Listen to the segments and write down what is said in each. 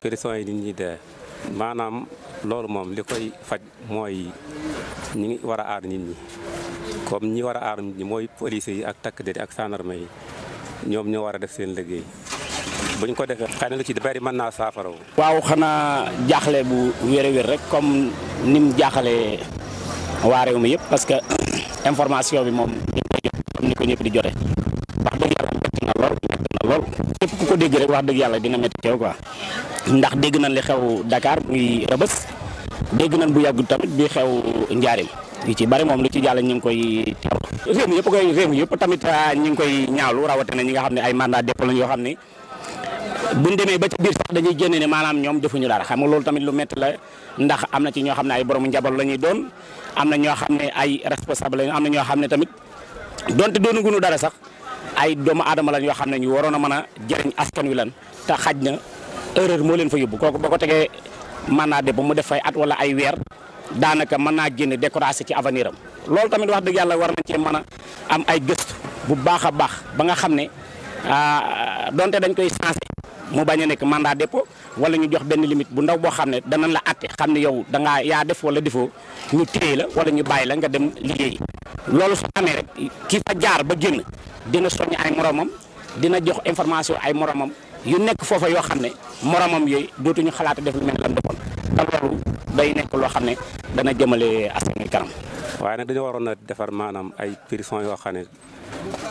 prison yi nit ñi de maanaam loolu moom li koy faj mooy ñi ngi war a aar nit ñi comme ñi war a aar nit ñi mooy police yi ak takk der ak gendarme yi ñoom ñoo war a def seen liggéey buñ ko defee xëy na ci bari mën naa saafara waaw xanaa jaaxle bu wér a wér rek comme ni mu jaaxalee waa réew yëpp parce que information bi moom comme ni ko ñëpp di jote wax dëgg yàlla dina métti teew quoi ndax dégg nañ li xew dakaar muy rëbës dégg nañ bu yàggu tamit bi xew njaarim yi ci bari moom lu ci jàll ñu ngi koy réew mi yëpp koy réew yëpp tamit ah, ñu ngi koy ñaawlu rawatina ñi nga xam ne ay mandaa dépôt lañ yoo xam ne buñ demee ba ci dañuy génne ne maanaam ñoom defuñu dara xam loolu tamit lu métti la ndax am na ci ñoo xam ne ay borom njaboot la ñuy doon am na ñoo xam ne ay responsable am na ñoo xam ne tamit donte doonuguñu dara sax ay doomu aadama lañ yoo xam ne ñu waroon a mën a jëriñ askan wi lan te xaj na erreur moo leen fa yóbbu kooku ba ko tegee mën naa de ba mu def fay at wala ay weer daanaka mën naa génn découragé ci avenir am loolu tamit wax dëgg yàlla war nañ cee mën a am ay gëstu bu baax a baax ba nga xam ne ah, donte dañ koy sensé mu bañ a nekk mandat dépôt wala ñu jox benn limite bu ndaw boo xam ne danañ la àtte xam ne yow dangaa yaa def wala defoo ñu téye la wala ñu bàyyi la nga dem liggéey loolu su amee rek ki fa jaar ba génn dina soññ ay moromam dina jox information ay moromam yu nekk foofa yoo xam ne moromam yooyu dootuñu xalaat def lu mel ne lan defoon te loolu day nekk loo xam ne dana jëmale askan wi kanam. waaye nag dañoo waroon a defar maanaam ay prison yoo xam ne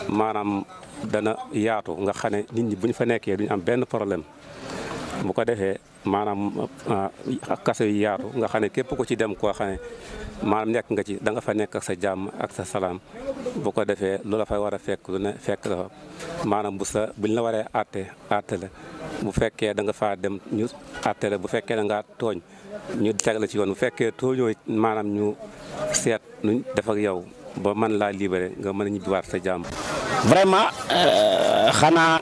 maanaam dana yaatu nga xam ne nit ñi bu ñu fa nekkee duñu am benn problème. bu ko defee maanaam ah, kaso yi yaatu nga xam ne képp ku ci dem koo xam ne maanaam nekk nga ci da nga fa nekk ak sa jàmm ak sa salaam bu ko defee lu la fay war a fekk lu ne fekk la fa maanaam bu sa buñ la waree àtte àtte bu fekkee da nga faa dem ñu àtte bu fekkee da ngaa tooñ ñu teg la yoon bu fekkee tooñoo maanaam ñu seet nuñ def ak yow ba mën laa libéré nga mën a ñibbiwaat sa jàmm. vraiment euh, xanaa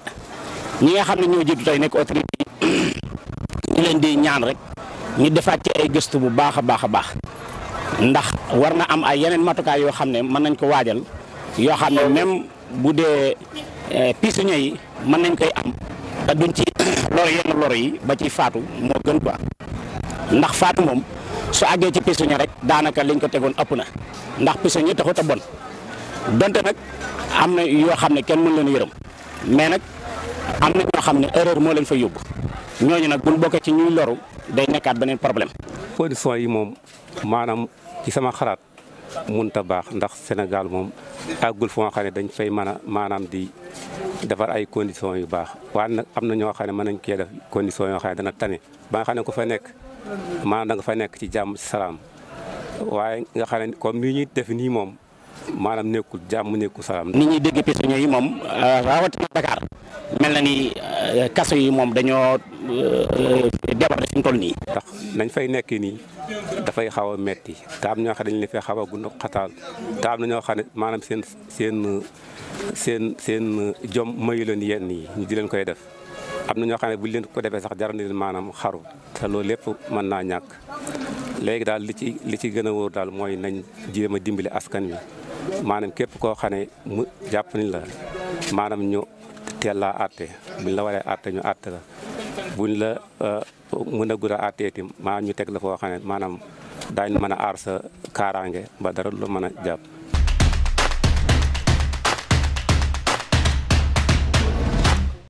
ñi xam ne ñoo jiitu tey nekk autorité leen di ñaan rek ñu defaat ci ay gëstu bu baax a baax a baax ndax war na am ay yeneen matukaay yoo xam ne mën nañ ko waajal yoo xam ne même bu dee eh, pisoñe yi mën nañ koy am te duñ ci lor yenn lor yi ba ci faatu moo gën quoi ndax faatu moom su àggee ci pisoñe rek daanaka liñ ko tegoon ëpp na ndax pisoñe taxut a bon donte nag am na yoo xam ne kenn mën leen yërëm mais nag am na ñoo xam ne erreur moo leen fa yóbbu ñooñu nag bu ñu bokkee ci ñuy loru day nekkaat beneen problème. conditions yi moom maanaam ci sama xalaat mun ta baax ndax Sénégal moom àggul foo xam ne dañ fay mën maanaam di defar ay conditions yu baax waaye nag am na ñoo xam ne mën nañ cee def conditions yoo xam ne dana tane ba nga xam ne ko fa nekk maanaam da fa nekk ci jàmm ci salaam waaye nga xam ne comme ni ñuy def nii moom. maanaam nekkul jàmm nekkul salaam. ni ñuy dégg prison yi moom euh, rawatina Dakar mel na ni euh, kaso yi moom dañoo Euh, jabar fi nii. ndax nañ fay nekk nii dafay xaw a metti te am ñoo xam ne dañu fay xaw a xataal te am na ñoo xam ne maanaam seen seen seen seen jom mayu leen yenn nii ñu di leen koy def. am na ñoo xam ne buñ leen ko defee sax jar na leen maanaam xaru te loolu lépp mën naa ñàkk léegi daal li ci li ci gën a wóor daal mooy nañ jéem a dimbali askan wi maanaam képp koo xam ne mu jàpp ni la maanaam ñu teel laa àtte buñ la waree àtte ñu àtte la buñ la euh, mën a gën a àttee itam maa ñu teg la foo xam ne maanaam daañu mën a aar sa kaaraange ba dara du la mën a jàpp.